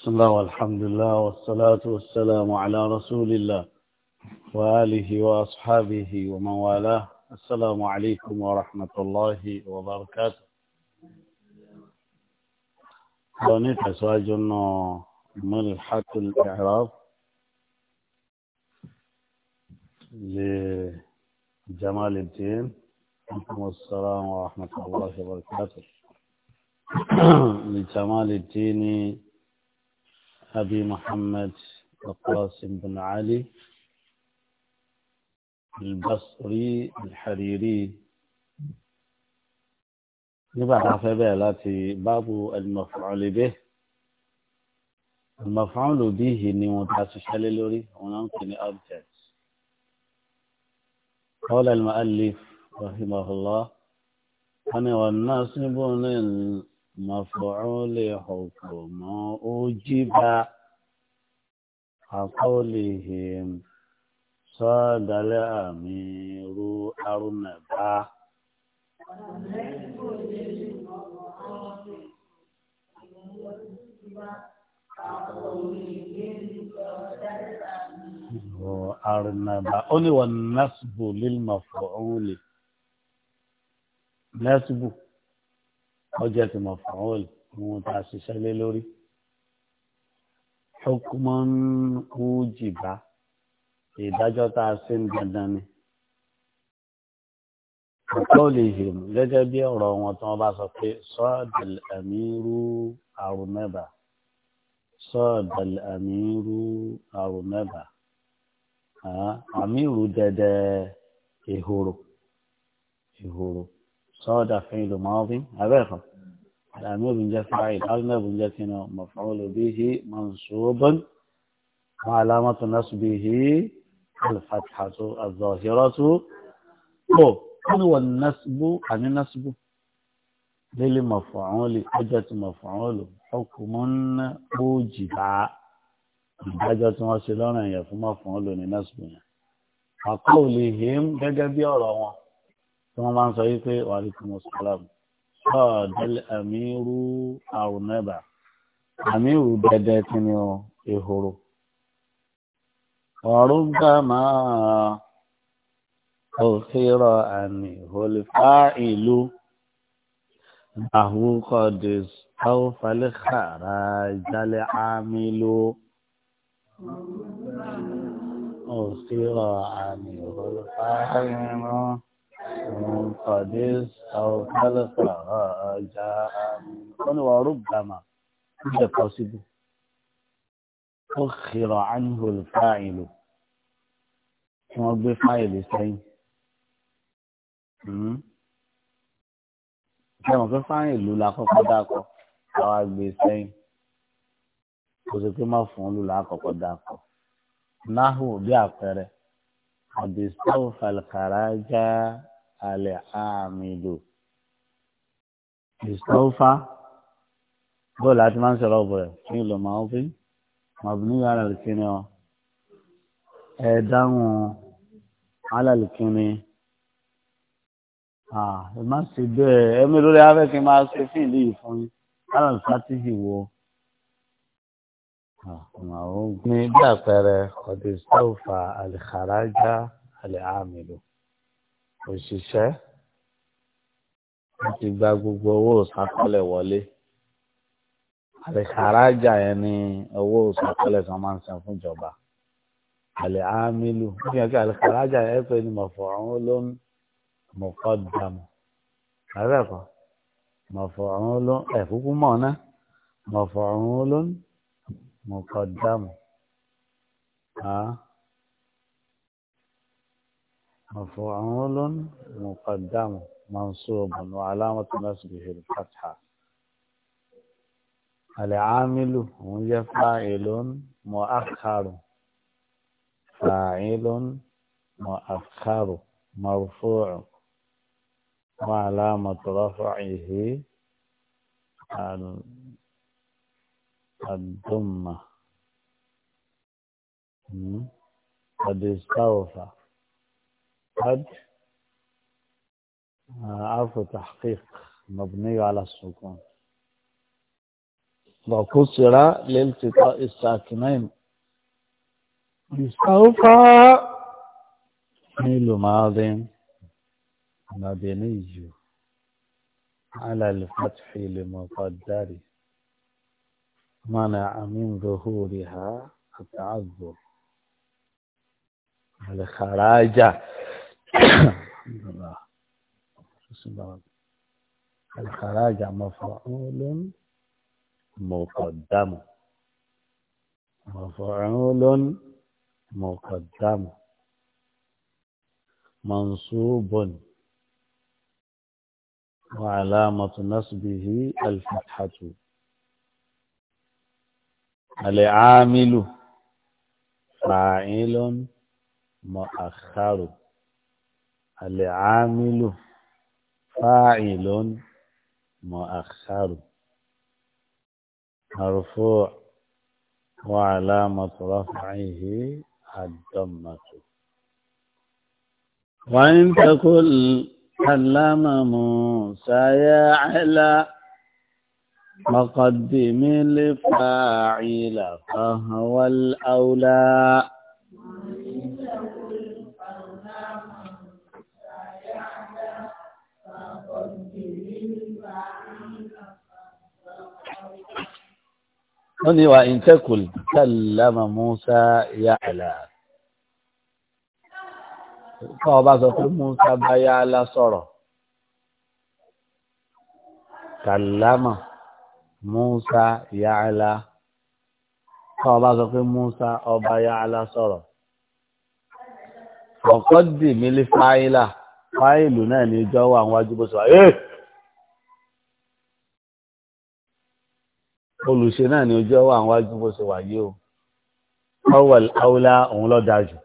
بسم الله والحمد لله والصلاة والسلام على رسول الله وآله وأصحابه ومن والاه السلام عليكم ورحمة الله وبركاته ونفع سواج ملحة الإعراب لجمال الدين السلام ورحمة الله وبركاته لجمال الدين أبي محمد القاسم بن علي البصري الحريري نبقى عفبه التي باب المفعول به المفعول به نموت نمتاس شللوري ونمتني أبجد قال المؤلف رحمه الله أنا والناس نبون مفعول حكم أوجب كقولهم صاد الأمير أرنبا أرنبا أولي والنصب للمفعول نصب ọjọ́ ti mọ̀ fàáwọ̀l ohun tá a ṣiṣẹ́ lé lórí. hukman wujiba ìdájọ́ tá a ṣe ń dandan ni. ọ̀pọ̀lìhìm gẹ́gẹ́ bí ọ̀rọ̀ wọn tí wọ́n bá sọ pé sọ́ọ̀dàl àmírú àrùmẹ́bà sọ́ọ̀dàl àmírú àrùmẹ́bà àmírú dẹ̀dẹ̀ ìhòrò ìhòrò. صاد فعل ماضي أبيخا الأمير بن جاء فاعل أغنى بن جاء مفعول به منصوب وعلامة نصبه الفتحة الظاهرة من هو النصب عن النصب؟ للمفعول حجة مفعول حكم أوجب حجة وسلونا يفهم مفعول لنسبنا وقولهم كجبير وقولهم tí wọ́n máa ń sọ yìí pé wàlíkùmù sàlám sọ́ọ̀dẹ́lẹ̀ àmírù àrùnẹ́bà àmírù dẹ́dẹ́ kí ni ọ ehoro. ọ̀rọ̀ gbà máa òfìrọ̀ àmì òlìfà ìlú àhúkọ́ dìs àwòfàlẹ̀ kàrà jálẹ̀ àmì àmì òlìfà ìlú. قدس أو خلف رجاء قل وربما إذا قصد أخر عنه الفاعل رب فاعل سين kẹwọn fẹ fáyìn ìlú la kọ́kọ́ dàkọ àwa gbé sẹ́yìn kò sí pé má fún ìlú la kọ́kọ́ dàkọ náhùn bí àpẹẹrẹ àdìsọ falkaraja alẹ́ àmìlò ìsọ́fà bọ́ọ̀lù àti máa ń sọ̀rọ̀ ọ̀bọ̀ rẹ̀ ní ìlú màá fi màbùnú alàlùkíní ọ ẹ dáhùn alàlùkíní ẹ má ṣe bẹ́ẹ̀ ẹ mi lórí afẹ́ kí n máa ṣe fún ìlú yìí fún yín alàlùfátìhì wo ní bí àpẹẹrẹ ọ̀dẹ̀ ìsọ́fà alìkàrájá alẹ́ àmìlò òṣìṣẹ́ wọ́n ti gba gbogbo owó ìsákọ́lẹ̀ wọlé àlèkàrájà yẹn ni owó ìsákọ́lẹ̀ kan máa ń san fún ìjọba àlè ámìlú wọ́n fi hàn kí àlèkàrájà yẹn pé ni mọ̀fọ̀rún ló ń mọ̀kọ́ dàmú àbẹ́ ẹ̀kọ́ mọ̀fọ̀rún ló ń ẹ̀kúkú mọ̀ náà mọ̀fọ̀rún ló ń mọ̀kọ́ dàmú. مفعول مقدم منصوب وعلامة نصبه الفتحة العامل هي فاعل مؤخر فاعل مؤخر مرفوع وعلامة رفعه الضمة قد استوفى الحج آه، عرف تحقيق مبني على السكون وكسر لالتقاء الساكنين سوف ميل ماض مبني على الفتح لمقدر منع من ظهورها التعذر الخراجه الحمد لله الخراج مفعول مقدم مفعول مقدم منصوب وعلامة نصبه الفتحة العامل فاعل مؤخر العامل فاعل مؤخر مرفوع وعلامة رفعه الضمة وإن تقل كلم موسى يا علا مقدم الفاعل فهو الأولى wọ́n ní wa intekul kallama Musa ya'la kọ́ ọba sọ pé Musa bá ya'la sọ̀rọ̀ kallama Musa ya'la kọ́ ọba sọ pé Musa ọba ya'la sọ̀rọ̀ ọ̀kọ́ dì mí lé fáìlà fáìlù náà ní ìjọ wà wájú bó sọ olùṣe náà ni ojú ọwọ́ àwọn wájú bó ṣe wà yìí o ọwọ́ àwòlá òun lọ dáa jù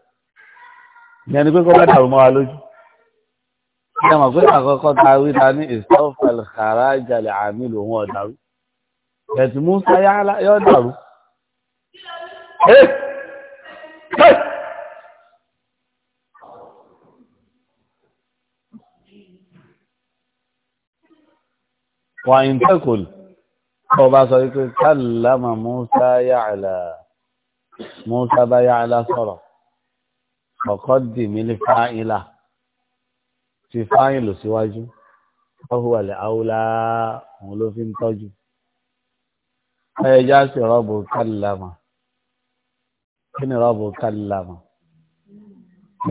ìyẹn ni pé kó bá dàrú mọ́ wa lójú ìyẹn mọ̀ pé àkọ́kọ́ ta wí ta ní ìsọ́fẹ̀l kàrá ìjàlẹ̀ àmì lòun ọ̀dàrú ẹ̀tì musa yọ dàrú wà ọba sọ wípé kálámà Musa yàlá Musa bá yàlá sọ̀rọ̀ ọ̀kọ́ dì mí ní fáìlà ti fáìlù síwájú ọ̀hún àlẹ́ àwòlá òun ló fi ń tọ́jú ẹ̀yẹ́jà sí rọ́bù kálámà kí ni rọ́bù kálámà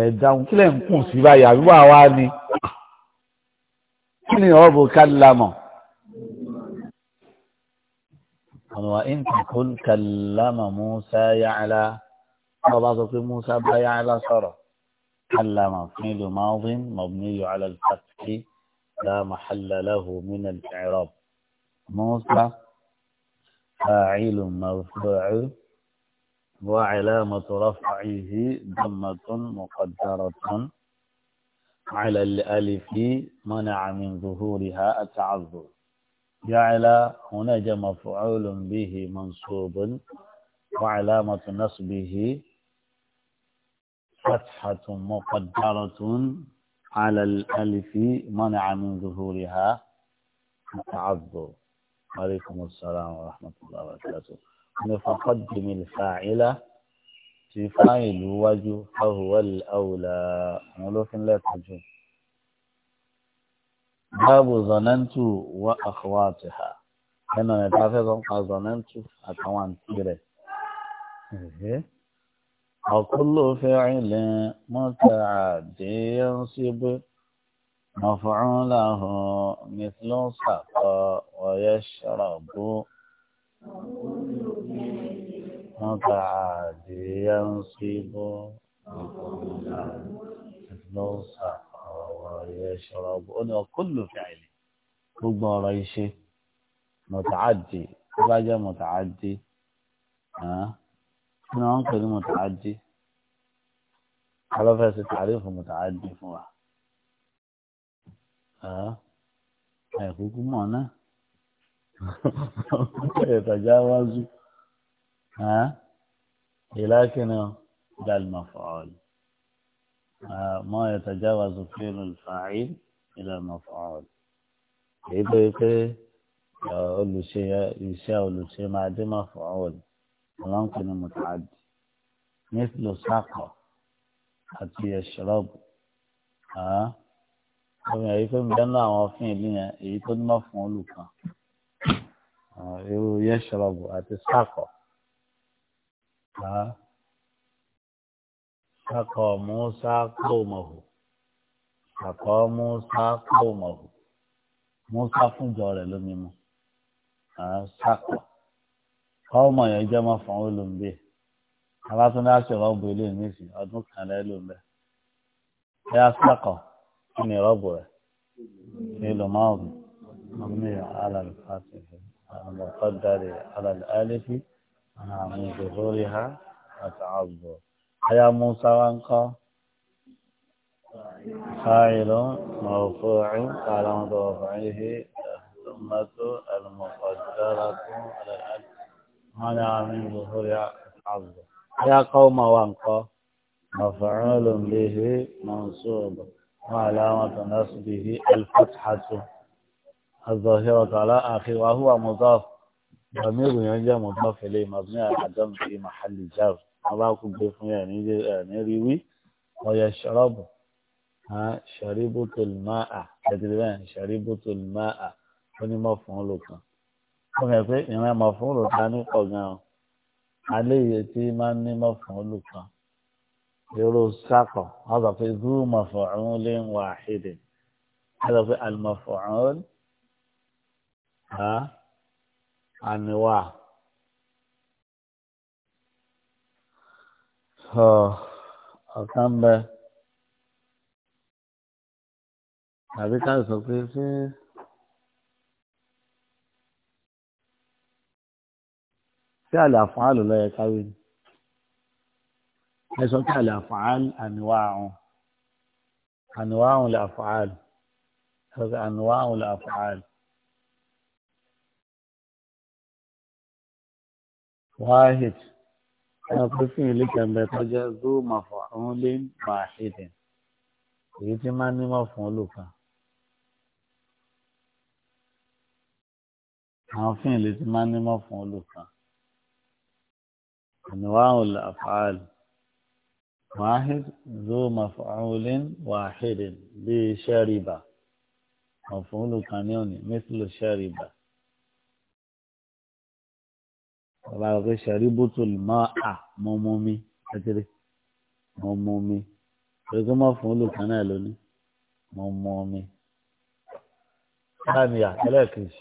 ẹ̀dáhùn kílẹ̀ ń kùn sí báyìí àbí wàá wá ni kí ni rọ́bù kálámà. وإن تقل كلم موسى يعلى فبعض موسى بها يعلى صرا كلم فعل ماض مبني على الفتح لا محل له من الإعراب موسى فاعل مرفوع وعلامة رفعه ضمة مقدرة على الألف منع من ظهورها التعذر جعل هناك مفعول به منصوب وعلامة نصبه فتحة مقدرة على الألف منع من ظهورها التعذر عليكم السلام ورحمة الله وبركاته فقدم الفاعلة في فاعل وجه فهو الأولى ملوك لا تجوز báàbù zọ̀nẹ́ntù wà àkọwà àti ha ẹnu rẹ̀ tá a fẹ́ sọ pa zọ̀nẹ́ntù àtàwọn àǹtí rẹ̀. ọ̀kúlò fẹ́rẹ̀lẹ̀ mọ́tà àdéhùnsíbí mọ̀fọ́rún làhùn mìtìlọ́sà ọ̀yẹ́ ṣọ́rọ̀bù mọ́tà àdéhùnsíbí mọ̀fọ́rún làhùn يشرب أنا كل فعل gbogbo رئيسي متعدي راجع متعدي ها أنا أنقل متعدي على فاس تعريف متعدي فوا ها هاي كوكو أنا يتجاوز ها إلى كنا ده المفعول ما يتجاوز فعل الفاعل إلى المفعول إذا يقول olùṣe iṣẹ́ olùṣe máa dé máa fọ ọ̀l ọlọ́nkùn ní mùtàdì nífìlò sákọ̀ àti ẹ̀ṣọ́rọ́bù ọmọ èyí tó ń bẹ́ ní àwọn ọ̀fin ìlú yẹn èyí tó ní máa fún olùkọ́ irú yẹ̀ṣọ́rọ́bù àti sákọ̀ سقى موسى قومه سقى موسى قومه موسى فنجر لميمو سقى قوم يجمع مفعول به àwọn tó ní àṣẹ rọ́ọ̀bù ilé ìmísì ọdún kan lẹ́lò ń bẹ́ ẹ asákọ̀ kí ni rọ́ọ̀bù rẹ̀ nílò márùn àmì alàlù fàtì àmọ̀kọ́ dáre alàlù alẹ́fì àmì ìdòdórí ha àti àbọ̀ aya musa wa ń kọ́ fáìlú mọ̀fúrún kàlọ́mọ̀tò ọ̀fàìhì ẹ̀sùnmọ́tò ẹ̀lùmọ̀kọ̀dára fún mọ́nà àmì ìlúhórí àbùdó aya kọ́ ma wa ń kọ́ mọ̀fúrún lòmìnirí mọ̀nsóòbù wọn àlàmọ̀tò násìbìhì alfàtàtù الظاهرة على آخر وهو مضاف ضمير ينجم مضاف إليه مبني على العدم في محل جر ọba kú gbé fún yà ní rí wí ọyọ ṣọrọbù ṣàríbù tó lè má à ẹdìrí bẹ́ẹ̀ ṣàríbù tó lè má à ó ní mọ̀ fún olùkàn ó yẹ pé ìran mọ̀ fún olùkàn ní pọ̀ gan-an alẹ́ yìí tí máa ń ní mọ̀ fún olùkàn èrò sákọ̀ wọ́n sọ pé zú mọ̀fọ̀ọ́n lé ń wà àhídè wọ́n sọ pé àlùmọ̀fọ̀ọ́n àníwá. ọ̀kan bẹ tàbí ká sọ pé ṣé. sí àlàfàálù lọ́yẹ káwé ni ẹ sọ pé àlàfàálù àníwáàrùn àníwáàrùn làfàálù sọ pé àníwáàrùn làfàálù. wahid pé fíìlì kẹ̀mbẹ́ tó jẹ́ zó mọ̀fọ́ òun lé wàhídì èyí tí máa ní mọ̀ fún olùkọ́. àwọn fíìlì tí máa ní mọ̀ fún olùkọ́. أنواع الأفعال واحد ذو مفعول واحد بشاربة مفعول قانوني مثل شاربة bàbá rẹ pé sẹrí bùtù mọ à mọ mú mi kékeré mọ mú mi pé kí wọn fún olùkọ́ náà lónìí mọ mú mi. sáàmì àtẹlẹkejì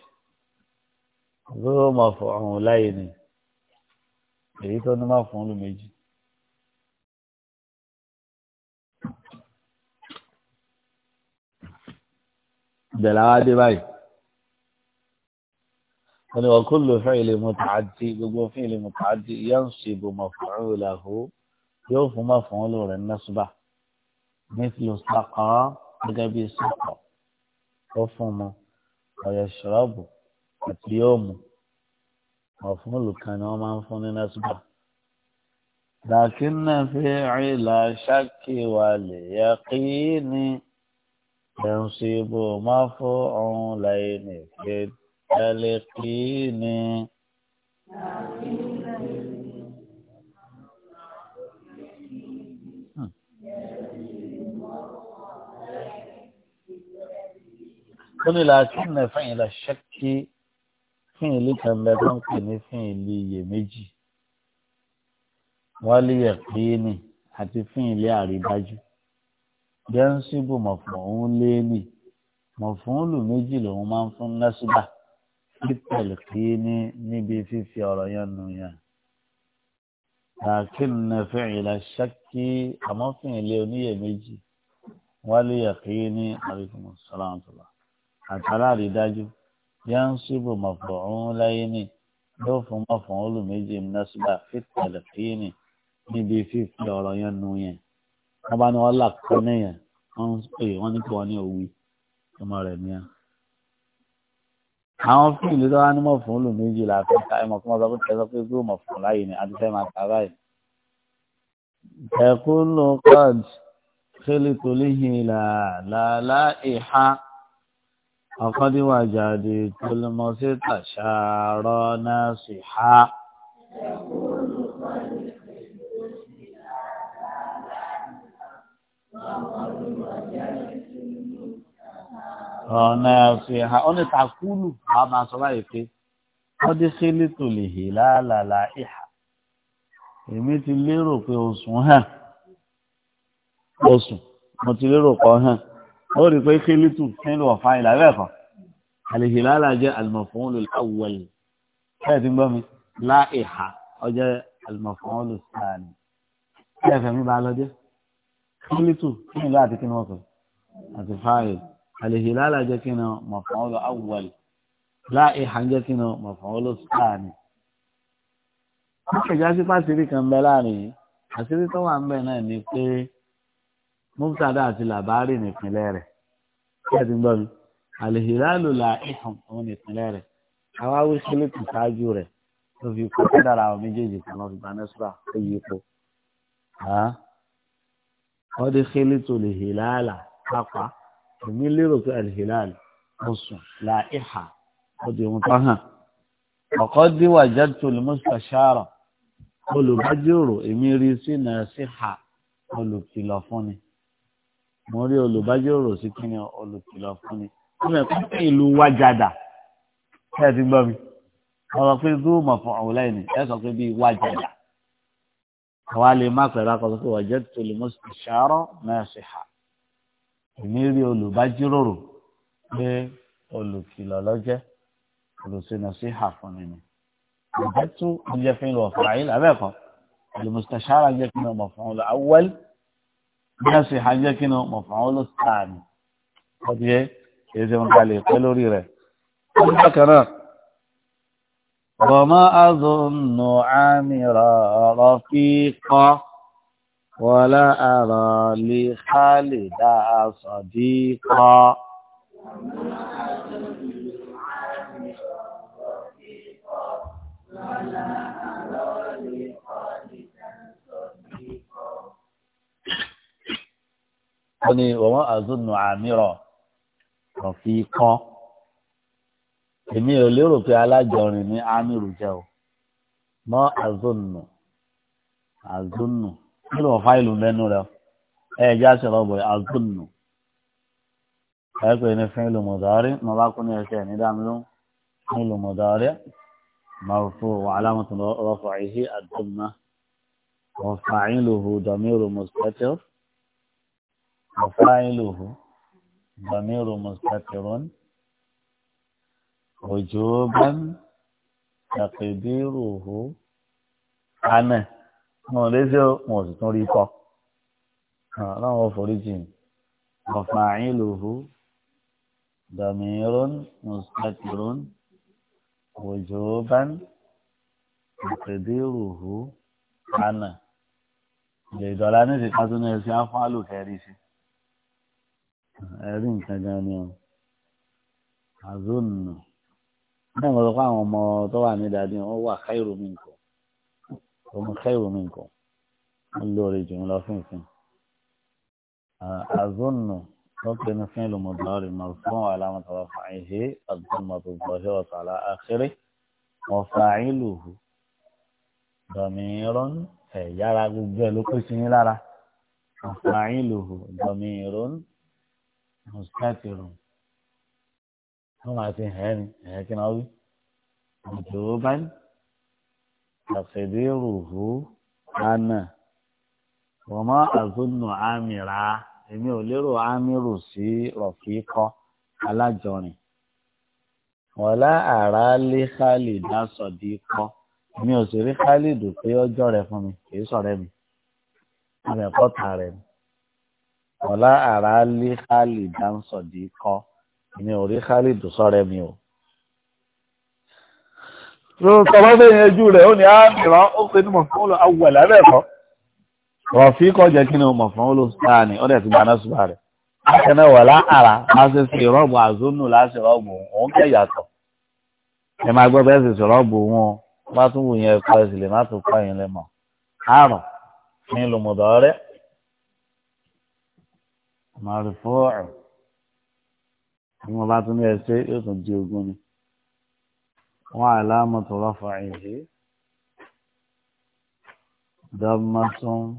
gbogbo máa fọ ọ̀hún láyé ni èyí tó ní máa fún olùméjì. ìbẹ̀lẹ̀ àwa dé báyìí wọ́n ní ọkùnrin fi'li muta'addi gbogbo fi'li muta'addi yansibu maf'ulahu yóò fún maf'ulu rẹ̀ nasba mithlu saqa gẹ́gẹ́ bí saqa ó fún mu ọ̀yẹ̀ ṣọ́ọ̀bù àti yóò mu maf'ulu kan ni wọ́n máa ń fún ní nasba. لكن فعل شك واليقين ينصب مفعولين في تلقيني قل لكن فعل الشك فعل كان لدنقني فعل يمجي واليقين àti fíìlì àrídájú jẹ́ńsíbù mọ̀fọ́n lé ní mọ̀fọ́n lù méjì lòun máa ń fún násùbà títẹ̀lìkì ní níbi fífi ọ̀rọ̀ yẹn nù yẹn. لكن فعل الشك أما فعل oníyèméjì واليقين عليكم السلام ورحمة الله àtàlárí dájú yansibu maf'ulaini yóò fún maf'ul méjì nasba fi talqini níbi fífi ọ̀rọ̀ yẹn nu yẹn wọ́n bá ní wọ́n là kọ́ níyẹn wọ́n ń pè wọ́n ní kí wọ́n ní òwì ọmọ rẹ̀ nìyẹn àwọn fún ìlú tó wá ní mọ̀ fún olù méjì láti ká ẹmọ fún ọsọ pé sọ pé gbọ́mọ̀ fún láyé ni adúfẹ máa ta báyìí. ẹkúlù kọj kílì tó léyìn làlá ìhá ọkọdíwájà tàṣà rọ náà sì ọ̀nà ẹ̀sìn ha ọ̀nà takulu a máa sọ báyìí pé wọ́n dé sílé tó lè hè láàlàlà ìhà èmi ti lérò pé oṣù hàn oṣù mo ti lérò pọ̀ hàn ó rí i pé sílé tó sílé ọ̀fà ìlà bẹ́ẹ̀ kọ́ àlèhè láàlà jẹ́ al-maf'ul al bẹ́ẹ̀ ti gbọ́ mi lá ìhà ọjọ́ al-maf'ul al-thani bẹ́ẹ̀ bá lọ dé sílé tó sílé àti kí ni wọ́n sọ àti fáyìlì. الهلال جكنا مفعول أول لائحا جكنا مفعول ثاني kọjá sí pàṣírí kan bẹ láàrin àṣírí tó wà ń bẹ náà ni pé mufsada àti làbárì nìpínlẹ̀ rẹ̀ kíyà ti ń gbọ́ mi àlèhìlálò là ìhàn òun nìpínlẹ̀ rẹ̀ àwa wí sílẹ̀kù ṣáájú rẹ̀ tó fi kó kádàrà àwọn méjèèjì kan lọ fi gba nẹ́sùrà tó yí ipò ọdí sílẹ̀tò lè hìlálà pápá èmi lérò pé alhilal oṣù láìha ọdún ìwọ̀n tó hàn ọ̀kọ́ díwà jẹ́tù olùmọ́sàṣàrọ̀ olùbájòrò èmi rí sí nàṣíhà olùkìlọ̀ fúnni mo rí olùbájòrò sí kíni olùkìlọ̀ fúnni wọ́n mẹ̀ kún fún ìlú wájàdà ṣé ẹ ti gbọ́ mi ọ̀rọ̀ pé zúùmọ̀ fún ọ̀wùlẹ́yìn ni ẹ sọ pé bíi wájàdà àwa lè má pẹ̀lú akọ̀tọ̀ pé wàjẹ́tù olùmọ́sàṣàrọ̀ nàṣíhà èmi rí olùbájíròrò pé olùkìlọ̀ lọ́jẹ́ olùsìnà sí àfúnni ni ìjẹ́ tó oúnjẹ fi ń lọ ọ̀fọ̀ àyè lábẹ́ẹ̀kọ́ olùmùsítàṣára jẹ́ kí ni ọmọ fún ọlọ awọ́l bẹ́ẹ̀ sì hàn jẹ́ kí ni ọmọ fún ọlọ sáàmì ọdí ẹ kì í ṣe wọn kalẹ̀ lórí rẹ̀. wọ́n bá kan náà bọ̀mọ́ azùn nù ámì rọ̀ rọ̀ fi kọ́. ولا أرى لخالد صديقا wọ́n ní wọ́n àzúnù àmírọ̀ kàn fi kán èmi ò lérò pé alájọrin ní àmírù jẹ́ o mọ́ àzúnù àzúnù kílò fáìlù lẹ́nu rẹ̀ ẹ já sí ọ̀rọ̀ bọ̀rẹ̀ àgbọ̀nù ẹ pè ní fíìlù mọ̀dárí mo bá kú ní ẹsẹ̀ ní dámilú fíìlù mọ̀dárí marfu alamatu rafa'ihi ad-damma wa fa'iluhu damiru mustatir wa fa'iluhu damiru mustatirun wujuban taqdiruhu ana wọn ò wọn ò sì tún rí kọ́ ọlọ́run ò foríjì ọ̀fà àyín lòhù dàmírón mùsàkìrón òjòban ìpèdéròhù ànà lè ní ìsìnká tó ní ẹsẹ̀ afọ́álù kẹrì sí ẹ̀rí nǹkan gan ni ọ àzónù náà mo sọ àwọn ọmọ tó wà ní ìdájí wọn wà káìrò mi nǹkan òun khairu minkum ń lórí jù ń lọ fún ìsìn. àzọ́nù lọ́pẹ́ ní fún ìlú mọ̀dọ́rì marfu'un alama rafa'ihi ad-dammah adh-dhahirah ala akhirih wa fa'iluhu damirun ẹ̀ yára gbogbo ẹ̀ ló pèsè yín lára wa fa'iluhu damirun mustatirun wọ́n máa ti hẹ́ ni ẹ̀yẹ́ kí n náà wí. ọ̀dọ́ báyìí àfẹ̀déròhó ana wọ́mọ́ àzónù àmìrà èmi ò lérò àmìrò sí rọ̀kíkọ́ alájọrin wọ́lá àrà lé khalid asọ̀dí kọ́ èmi ò sì rí khalid pé ọjọ́ rẹ fún mi kì í sọ̀rẹ́ mi àmì ẹ̀kọ́ ta rẹ̀ mi wọ́lá àrà lé khalid asọ̀dí kọ́ èmi ò rí khalid sọ̀rẹ́ mi o sọ̀rọ̀ bẹ́ẹ̀ yẹn jú rẹ̀ ó ní àmìràn ah, ó pé ní mọ̀fún olò awọ̀ lábẹ́ẹ̀kọ́ rọ̀fí kọjẹ kí ni mọ̀fún olò sáà ni ó dẹ̀ ti gbaná ṣùgbà rẹ̀ akẹ́nà wà láàrá láti ṣe rọ́ọ̀bù àzónù láti rọ́ọ̀bù òun kẹ́ yàtọ̀ ẹ máa gbọ́ bẹ́ẹ̀ sì ṣe rọ́ọ̀bù wọn bá tún wù yẹn kọ́ ẹ̀sìn lè má tún kọ́ yẹn lẹ mọ̀ àrùn ní lùmùdọ̀ rẹ̀ màrìfọ́ọ̀rù bí wọ́n bá tún ní ẹ ṣe yóò tún di ogún ni. وعلامة رفعه ضمة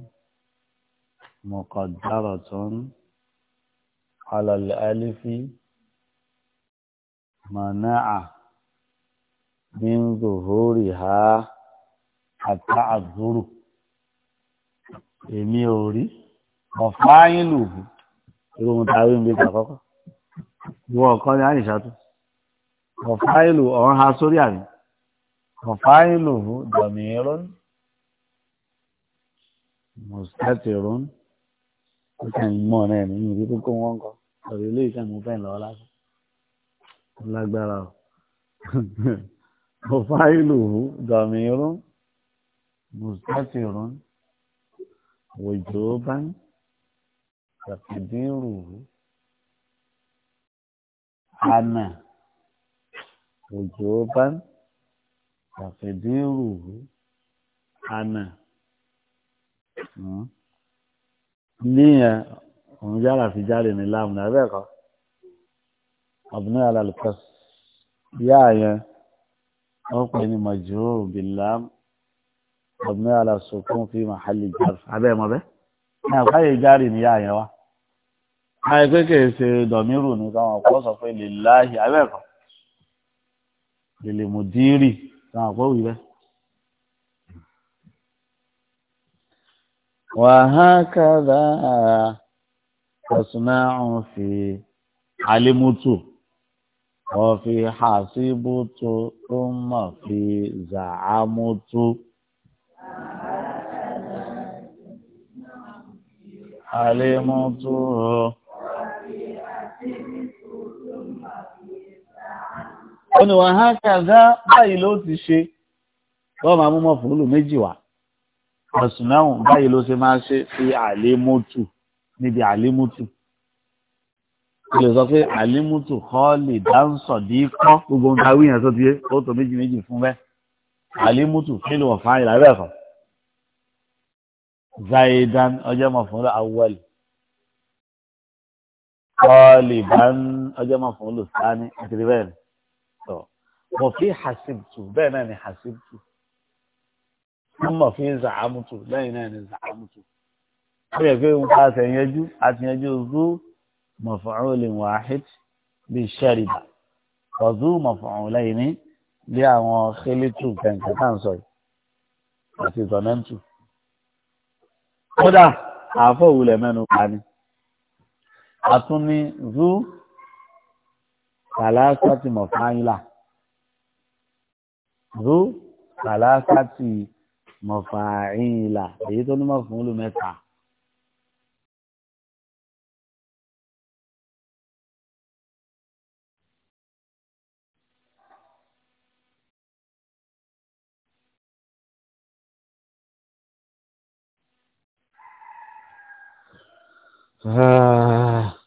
مقدرة على الألف منع من ظهورها التعذر èmi ò rí ọ̀fáyín lùbù irú ohun tá a rí ń bí ìgbà kọ́kọ́ ìwọ ọ̀kan ni àyíṣà tó ọ̀fáìlù ọ̀rán ha sórí àrí ọ̀fáìlù dọ̀míìrún mọ̀sátìrún ó kàn mọ̀ náà ní ìrírí kókó wọn kọ ọ̀rọ̀ ilé ìṣẹ́ mú fẹ́ lọ́wọ́ lásán lágbára o ọ̀fáìlù dọ̀míìrún mọ̀sátìrún òjò bá ń وجوبا تقديره أنا ليه هم جعل في جعل من الله منافقة أبناء على القص يا يا أقني مجرور باللام أبناء على السكون في محل جر أبي ما به أنا بخير جاري يا يا wa àìpé kìí ṣe dọ̀míìrù ní káwọn ọ̀pọ̀ sọ pé lè láàyè abẹ́ẹ̀kọ́ lèlè mùdírì táwọn àpò wí bẹ́ẹ̀. wàhákàdà tasna'u fi alimutu ọ̀fi hasibutu ọmọ fi zàámutu. alimutu. oníwà hákàdá báyìí ló ti ṣe lọ́wọ́ máa mú mọ́ fúrúlù méjì wá ọ̀sùn náà báyìí ló ṣe máa ṣe fi àlémótù níbi àlémótù o lè sọ pé àlémótù họ́ọ̀lì dáńsọ̀ dí kọ́ gbogbo ohun tá a wí yẹn tó ti yé ó tó méjì méjì fún bẹ́ẹ̀ àlémótù fílù ọ̀fà ìlà bẹ́ẹ̀ kan zaidan ọjọ́ mọ̀ fúnlọ awọ́lì họ́ọ̀lì bá ń ọjọ́ mọ̀ fúnlọ sáni àti bẹ́ẹ̀ ni wọ́n fi hasibtu bẹ́ẹ̀ náà ni hasibtu ọmọ fi zàámùtù lẹ́yìn náà ni zàámùtù ó yẹ pé ń pa àtẹ̀yẹjú àtẹ̀yẹjú zu maf'ulin wahid bíi shariba ọ̀zú maf'ulaini bí àwọn xelitu kẹ̀kẹ́ náà sọ yìí àti tọ̀nẹ́ntù. kódà àáfọ̀ òwúlẹ̀ mẹ́nu pa ni a tún ní zu kàlá zu kàlásàtì mọ̀fàáìlà èyí tó nímọ̀ fún olùmẹ́ta. Ah.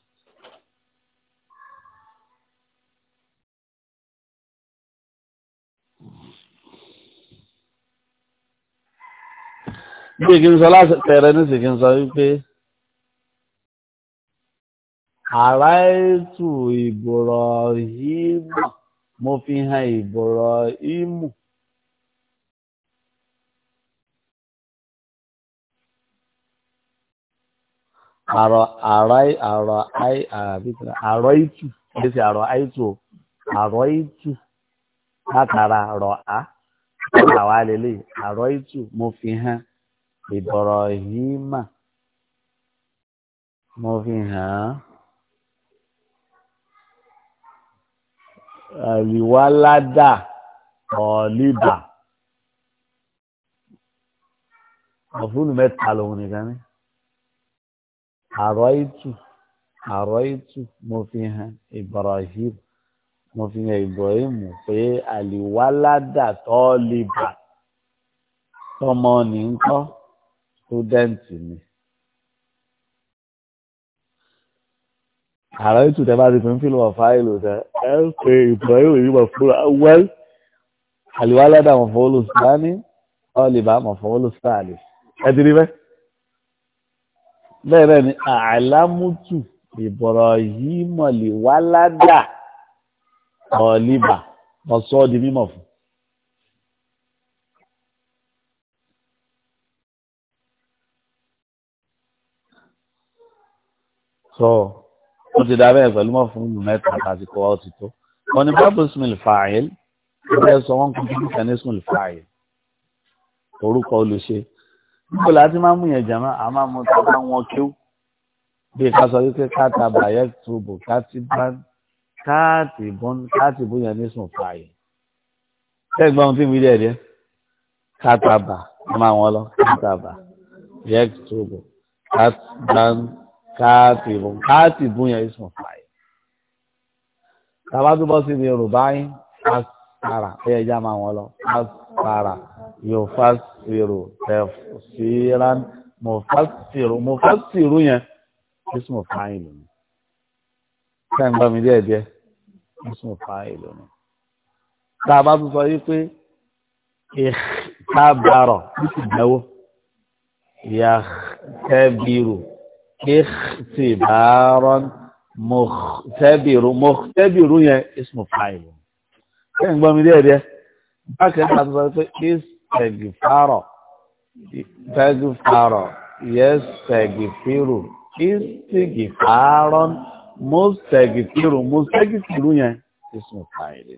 bí kí n sọ láti pẹ̀rẹ nísì kí n sọ wípé àrá ètò ìbòrọ̀ yìí mọ̀ mo fi hàn ìbòrọ̀ ìmù. àrọ̀ àrọ̀ àrọ̀ àrọ̀ ìtù kìí àrọ̀ àìtù àrọ̀ ìtù látara rọ̀ á àwa lélẹ̀ àrọ̀ ìtù mo fi hàn ìbọ̀rọ̀hìmà mo fi hàn án àríwáládà ọ̀ọ́líbà ọ̀fúnù mẹ́ta lòun nìkan ní àrọ́ ìtù àrọ́ ìtù mo fi hàn ìbọ̀rọ̀hìmà mo fi hàn Ibrahim pé àlìwáládà tọ́ọ̀lìbà tọmọ ní ń kọ́ sítúdẹ̀ǹtì mi. ààrẹ ìtùtẹ̀ bá ti fi ń fìlú ọ̀fà ìlú tẹ ẹ ń pe Ibrahim yìí wọ̀ fúra wẹ́l àlìwálẹ́dà mọ̀fọ́wọ́lù sani ọ̀lìbá mọ̀fọ́wọ́lù sani ẹ ti rí bẹ́ẹ̀. bẹ́ẹ̀ bẹ́ẹ̀ ni àlámùtù Ibrahim mọ̀lìwáládà ọ̀lìbá ọ̀sọ́ di mímọ̀ fún. sọ wọ́n ti dábẹ́ pẹ̀lú mọ́ fún ìlú mẹ́ta àti kọ́ ọ́ ti tó wọ́n ní bábù ismail fàáyìl ẹ̀ sọ wọ́n kún kí ní ismail fàáyìl orúkọ olùṣe níbo láti máa mú yẹn jàmá a máa mú tó bá wọn kíw bí ká sọ wípé káàtà bàyẹ̀ tóbò káàtì bọ́n káàtì bó yẹn ní ismail fàáyìl tẹ́gbọ́n tí mi dẹ̀ dẹ́ káàtà bà máa wọn lọ káàtà bà yẹ tóbò káàtì bọ́n káàtìbùn káàtìbùn yẹn sùn fàáyé tàbá tó bọ́ sí ní yorùbá yín fásitara ẹ̀yẹ ẹja máa wọ́n lọ fásitara yóò fásitìrù tẹ̀síran mo fásitìrù mo fásitìrù yẹn ismu fàáyé lónìí sẹ́yìn gbọ́ mi díẹ̀ díẹ̀ ismu fàáyé lónìí tàbá sọ yìí pé ìkábàrọ̀ ní ti dẹ́wọ́ yàtẹ́bìrù. اختبارا مختبر مختبر يعني اسم فاعل كان بقى من ده بقى حضرتك استغفار استغفار يستغفر استغفارا مستغفر مستغفر يعني اسم فاعل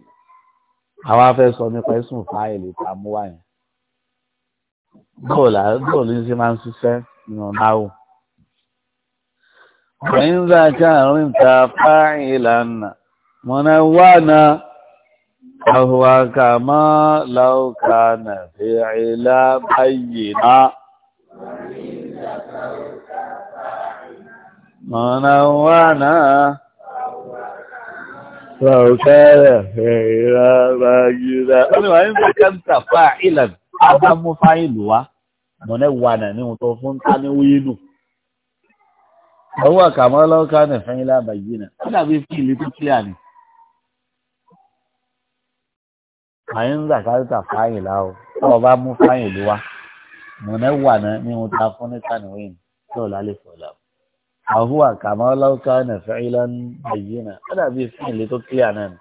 àwa fẹ́ sọ nípa ẹ̀sùn fáìlì tá a mú wáyé bóòlù bóòlù ń ṣe ناو وإن ذكر انت فاعلا منونا فهو كما لو كان فعلا بينا منونا فهو كان فعلا بينا وإن ذكر انت فاعلا هذا مفاعل منونا نيوتو فنتاني وينو àwọn àkàmọ́ ọlọ́ọ̀ká ní fẹ́yìn lábàáyé náà ó dàbí fún ìlú tó kílíà ni. àyìn ń zàkárìtà fáyìn láwọ tó o bá mú fáyìn ló wá mọ̀nẹ́ wà náà ní ohun tá a fún ní kàníwìn tí ò lálẹ́ fọ̀ lọ. àwọn àkàmọ́ ọlọ́ọ̀ká ní fẹ́yìn lábàáyé náà ó dàbí fún tó kílíà náà ni.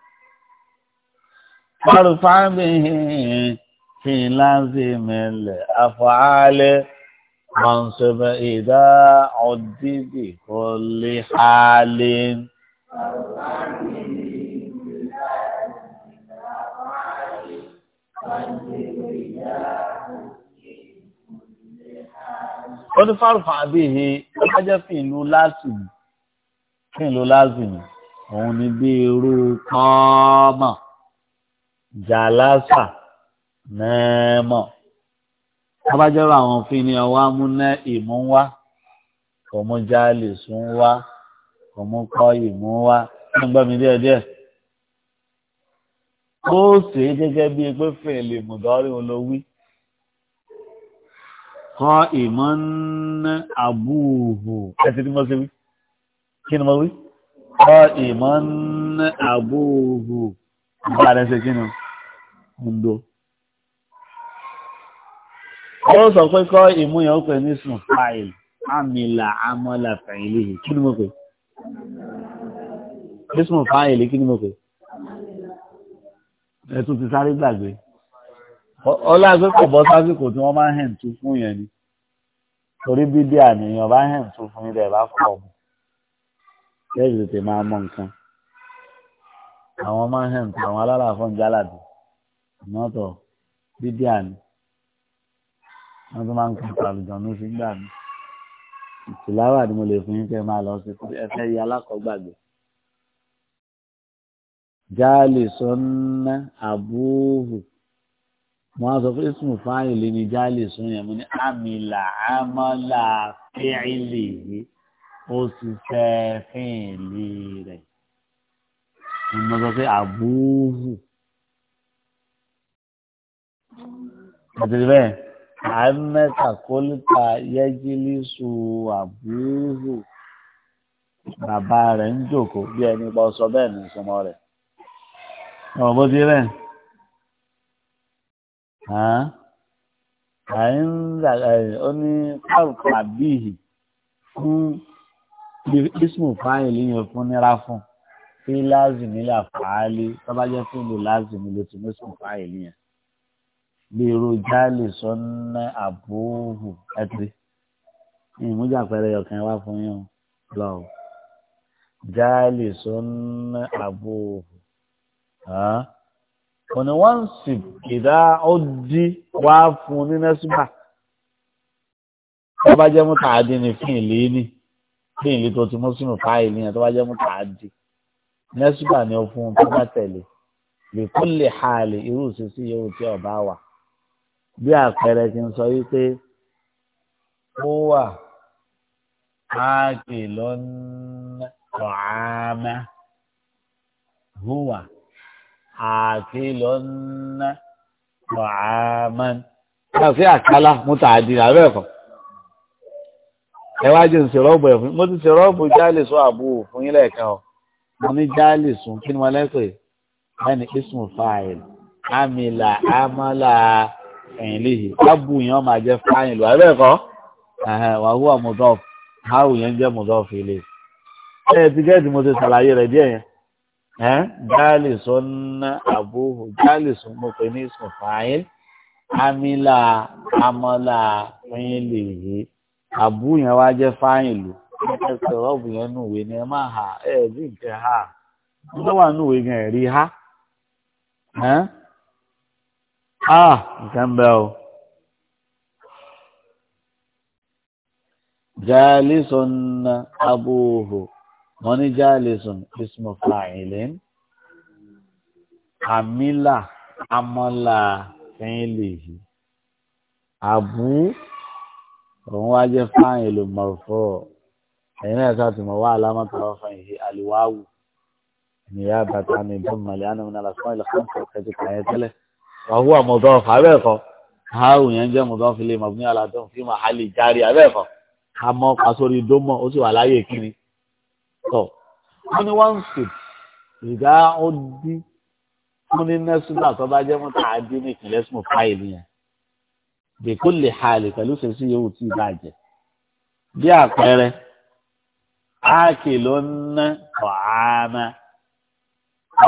wọ́n rú fáńbì hìn hìn منصب إذا عد بكل حال ó ní fárúfà bíi ọba jẹ́ fún ìlú lásìmù fún ìlú lásìmù òun ni bí irú kọ́ọ́mọ̀ jàlásà mẹ́ẹ̀mọ̀ abájọ́rọ̀ àwọn òfin ni ọwọ́ amúná ìmú wá kọ̀mú jáàlì sún wá kọ̀mú kọ́ ìmú wá ń gbọ́ mi díẹ̀díẹ̀. ó sì é gẹ́gẹ́ bíi pé fèlè mùdọ́rí olówí kọ́ ìmọ̀ ń abúhù ẹ̀sìn tí mo ṣe wí kí ni mo wí kọ́ ìmọ̀ ń abúhù bá a kí ni ń ó sọ pé kọ́ ìmúyàn ó pè ní sùn fáìl àmìlà àmọ́là fẹ̀yìnlì kí ni mo pè ní sùn fáìl kí ni mo pè ẹ̀tún ti sáré gbàgbé ọlágbé kò bọ́ sásìkò tí wọ́n máa hẹ̀n tú fún yẹn ni torí bíbí àníyàn bá hẹ̀n tú fún ilẹ̀ bá kọ̀ ọ́ lẹ́yìn tètè máa mọ nǹkan àwọn máa hẹ̀n tú àwọn alálàfọ́ ń jálàdì ìmọ̀tọ̀ bíbí àní wọ́n tún máa ń kí n pàlùjọ ní sí gbà mí ìtìláwà ni mo lè fún yín kẹ́ máa lọ sí fún ẹ fẹ́ yí alákọ̀ọ́gbàgbé. jáàlì sọ́nà àbúrò mo á sọ pé ismu fáyìn lé ní jáàlì sọ́nà mo ní àmìlà àmọ́là fíìlì ó sì fẹ́ fíìlì rẹ̀. mo sọ pé àbúrò. Àtẹ̀lẹ́ bẹ́ẹ̀ àmẹ́ta kólíta yẹ́jìlísù àbúrò bàbá rẹ̀ ń jòkó bí ẹni bọ́ sọ bẹ́ẹ̀ ní ìsọmọ rẹ̀. ọ̀rọ̀ bó ti rẹ̀ ó ní pàrùkù àbíyì fún ismu fáìlì yẹn fún nira fún fi láàzìmí là fàálí tọ́bajẹ́ fún ìlú láàzìmí ló ti ní ismu fáìlì yẹn bẹ̀rù jáàlì sọ́nà àbúrò ẹ̀tì ìmújà pẹ̀lẹ́ ọ̀kan wá fún yín lọ jáàlì sọ́nà àbúrò ọ̀nà wọ́n sì ìdá ọdí wá fún ní nẹ́sùbà tó bá jẹ́ mú tààdì ní fún ìlé ní fún ìlé tó ti mú sínú fáìlì yẹn tó bá jẹ́ mú tààdì nẹ́sùbà ni ó fún tó bá tẹ̀lé lè kó lè hàlè irú ìṣesí yòówù tí ọba wà bí àpẹẹrẹ ti ń sọ wípé ó wà áàkì lọ́nà ọ̀hámà ó wà áàkì lọ́nà ọ̀hámà. Ṣé àfi àkálá mo tà á di àárẹ̀ kan? Ẹ wá jẹ́ ìṣèrọ́bù ẹ̀ fún mi. Mo ti ṣèrọ́bù jálè sọ àbúrò fún yín lẹ́ẹ̀kan o. Mo ní jálè sùn kí ni wọ́n lẹ́sẹ̀? Bẹ́ẹ̀ni, ismu fáìlì, amìlà, amọ́là ẹ̀yìn léyìí ábù yẹn máa jẹ́ fáyìn lọ ẹ̀rẹ́ kọ́ wàhùwà mọ̀dọ́f áwù yẹn jẹ́ mọ̀dọ́f ilé ẹ̀ ti gẹ́ẹ̀tì mo ti ṣàlàyé rẹ̀ díẹ̀ yẹn ẹ̀ jáàlì sọ́nà àbúhù jáàlì sọ́n mo pè ní sùn fáyìn amílà amọ́là fẹ́yìn léyìí àbú yẹn wá jẹ́ fáyìn lò ẹ̀ ọ̀bù yẹn nùwé ni ẹ má ha ẹ̀ dín kẹ́ ha lọ́wọ́ nùwé ah nǹkan bẹ́ẹ̀ o. jalisun abúhù wọ́n ní jalisun ismu fa'ilin amila amọ́la fi'lihi abu òun wá jẹ́ fa'ilu marfu' ẹ̀yin náà sáà tì mọ̀ wá alámọ̀tò àwọn fa'ilu aliwawu ni yá bàtà ní bọ́ọ̀mù màlẹ́ ànàmínà làkúnmọ́ ìlàkúnmọ́ ìkẹ́jì kàyẹ́ tẹ́lẹ̀ wàhùwà mọ̀dọ́fù abẹ́ẹ̀kọ́ haahu yẹn jẹ́ mọ̀dọ́fù lè mọ̀ ní aládùn fí mà hali járe abẹ́ẹ̀kọ́ àmọ́ pàṣọrí dómọ̀ ó sì wà láyé kiri tọ̀ wọ́n ní wọ́n ń sè ìdá ó dí wọ́n ní nẹ́sùnà tó bá jẹ́ mọ́tà á dín ní ìpínlẹ̀ sùn fáìlì yẹn dèkó lè hali pẹ̀lú sẹ́sì yòówù tí ì bàjẹ́ bí àpẹẹrẹ áàkì ló ń ná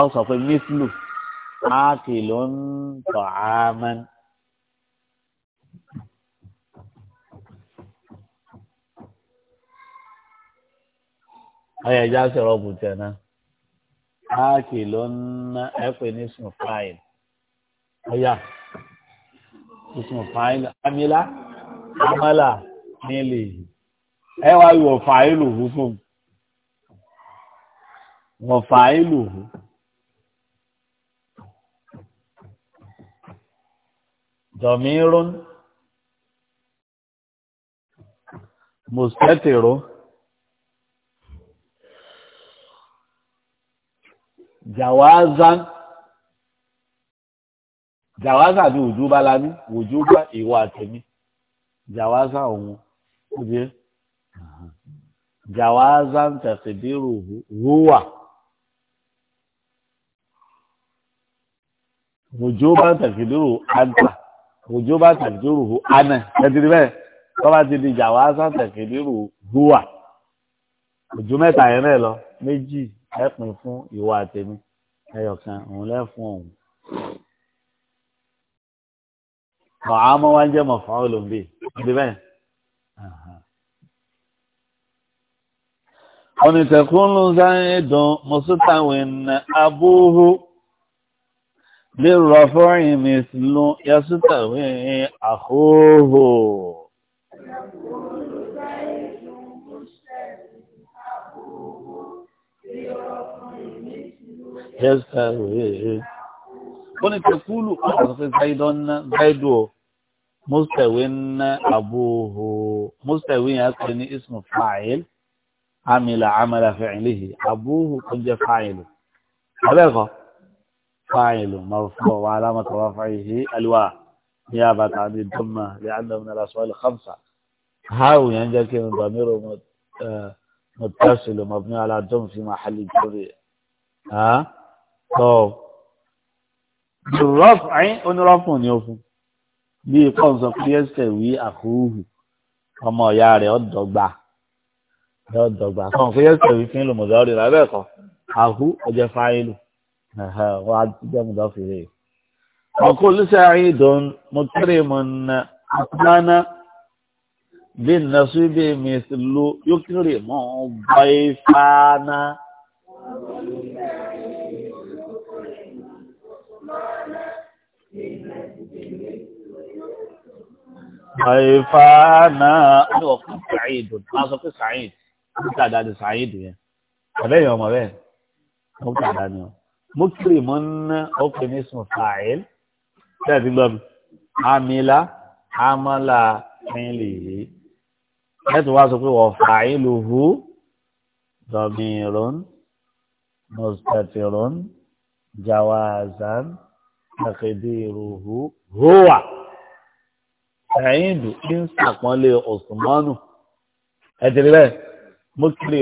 ọ̀ ákìlún tọ̀ámán. ọyọ ìjà sọ̀rọ̀ ọ̀bùtẹ̀ náà ákìlún ẹ pè ní sùnfàìl ọyà sùnfàìl amílá amálà nílé ẹ wá wọ fàìlù fún wọn fàìlù fún. ضمير مستتر جوازا جوازا دي وجوبا لامي وجوبا إيواتمي جوازا أمو جوازا تقديره هو وجوبا تقديره أنت òjò bá tàbí rúhu anẹ ẹtìrì bẹ́ẹ̀ tọ́ba ti di ìjà wàá sàtẹ̀kì nírú húwà òjò mẹ́ta yẹn náà lọ méjì ẹ̀pìn fún ìwọ àtẹ̀mí ẹyọkan òun lẹ́fún òun. Mọ̀hámọ́ wá ń jẹ́ mọ̀fán olùbí, ọdí bẹ́ẹ̀. Onítẹ̀kùn ló ń sáré dùn, Mùsùlùmí abúhù. بالرفع مثل يستوي أخوه يستوي كون تقول زيد زيد مستوي أبوه مستوي يسكن اسم فاعل عمل عمل فعله أبوه كنت فاعله هذا فاعل مرفوع وعلامة رفعه الواء نيابة عن الضمة لأنه من الأسؤال الخمسة هاو ينجك من ضمير متصل مبني على الضم في محل جر ها طوب. بالرفع ان رفع يوفو bí kàn sọ أخوه. ẹsẹ̀ wí àkóhù ọmọ ìyá rẹ̀ ọ̀dọ́gba ọ̀dọ́gba kàn pé ẹsẹ̀ wí wọ́n á jẹ́ mu dọ́fì rè ọkọ̀ olùsẹ̀ àìdùn mọ̀tẹ́rì mọ̀nà àtúnáná bí nàṣú bí mẹ́sìlú yókèrè mọ̀ bá ifáná. Àìfáàná ní ọ̀kan Sàìdù, máa sọ pé Sàìdù, ó kàdá ni Sàìdù yẹn. Àbẹ́yìn ọmọ bẹ́ẹ̀, ó kàdá ni ọ mọ́kìrì mọ́ ná ọkùnrin ní sùn fàáìl bẹ́ẹ̀ ti gbọ́ mi amílá amọ́là fínlẹ̀ yìí ẹ̀tù wá sọ pé wọ́n fàáìl òhu dọ̀mìrún mọ̀sítẹ̀tìrún jawazan àkèdèròhu hùwà ẹ̀yìndù ń sàpọ́nlé ọ̀sùnmọ́nù ẹ̀tìrì bẹ́ẹ̀ mọ́kìrì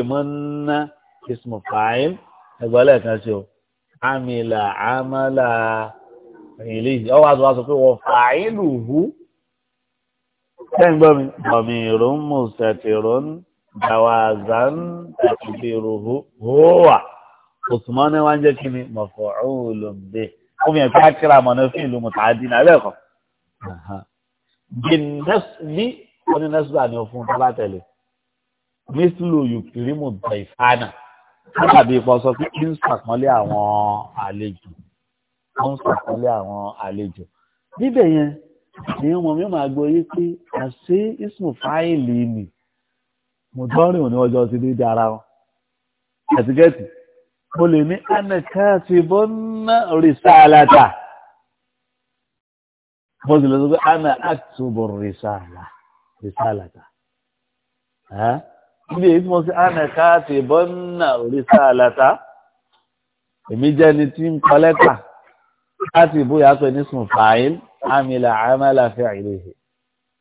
ẹgbẹ́ lẹ́ẹ̀kan sí o amìlà amọ́là ilé ọwọ́ àti wàásù pé wọ́n fà á ìlú hu tẹ́ǹgbọ́n mi ọ̀mì ìrún mùsẹ̀tìrún dàwàzán àtìbìrù hùwà òtùmọ́ ní wá ń jẹ́ kí ni mọ̀fọ́ òòlùmbé ó fi hàn pé àkìrà mọ̀ fún ìlú mùtàdí náà lẹ́kọ̀ọ́ bí oní nẹ́sùlà ni ó fún un tó tẹ̀lé mísìlù yùkìrímù dàìfánà tàbí ipò sọ pé kí n sàpọ́nlé àwọn àlejò kí n sàpọ́nlé àwọn àlejò níbẹ̀ yẹn ni wọn mi máa gbọ́ yé pé àṣé ismu fáìlì ni mo dọ́rìn òní ọjọ́ ti dé di ara wọn ẹ̀tíkẹ́tì mo lè ní ẹnìkan ti bọ́ ná rìsáàlátà mo sì lè sọ pé ana àtúbọ̀ rìsáàlà rìsáàlátà níbi èyí tí mo ṣe ànàká àti ìbọn náà òrìṣà àlàtà èmi jẹ́ ni tí ń kọ lẹ́tà láti ìbúyà pé nísùn fàáyìl àmìlà àmàlà fẹ́ àìlèhè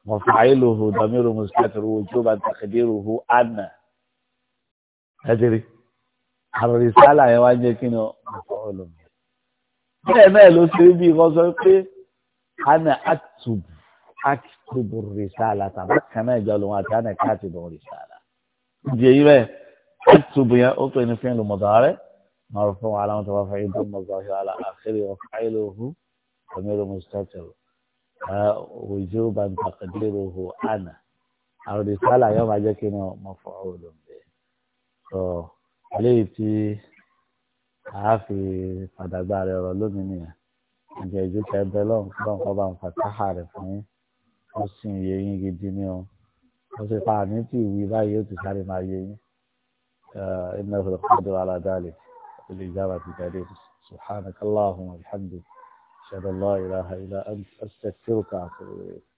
mo fàáyìlò hù dọ̀míru mùsùlùmí ojú bá tàkìdírù hù ànà ẹ̀dìrí àròrìṣà àlàyé wá jẹ́ kí ni ọ̀pọ̀ olùmọ̀ bẹ́ẹ̀ náà ló ṣe bí wọ́n sọ pé ànà àtùbù àkìtùbù rìṣà àlàtà bákan náà ìjọ lòun àti ànà káàtì bọ̀ rìṣà àlà. جاي بقى اكتب يا قلت ان فعل مضارع مرفوع علامة رفعه ضم الظاهر على آخره وفعله ضمير مستتر وجوبا تقديره أنا الرسالة يوم عجاكين مفعول به عليه تي عافي فدقدار يرى لوني ìjẹ́jú kẹbẹ́ lọ́nkọ́ bá ń fàtàhà rẹ̀ fún yín ó sì ń wọ́n sì pa àní tí ìwé báyìí ó ti sáré máa yé yín iná ìfọ̀dọ̀ kọ́dọ̀ aládàálì ilé ìjábà ti tẹ̀lé subhanakallahumma wa bihamdika shadallah ilaha illa anta astaghfiruka àti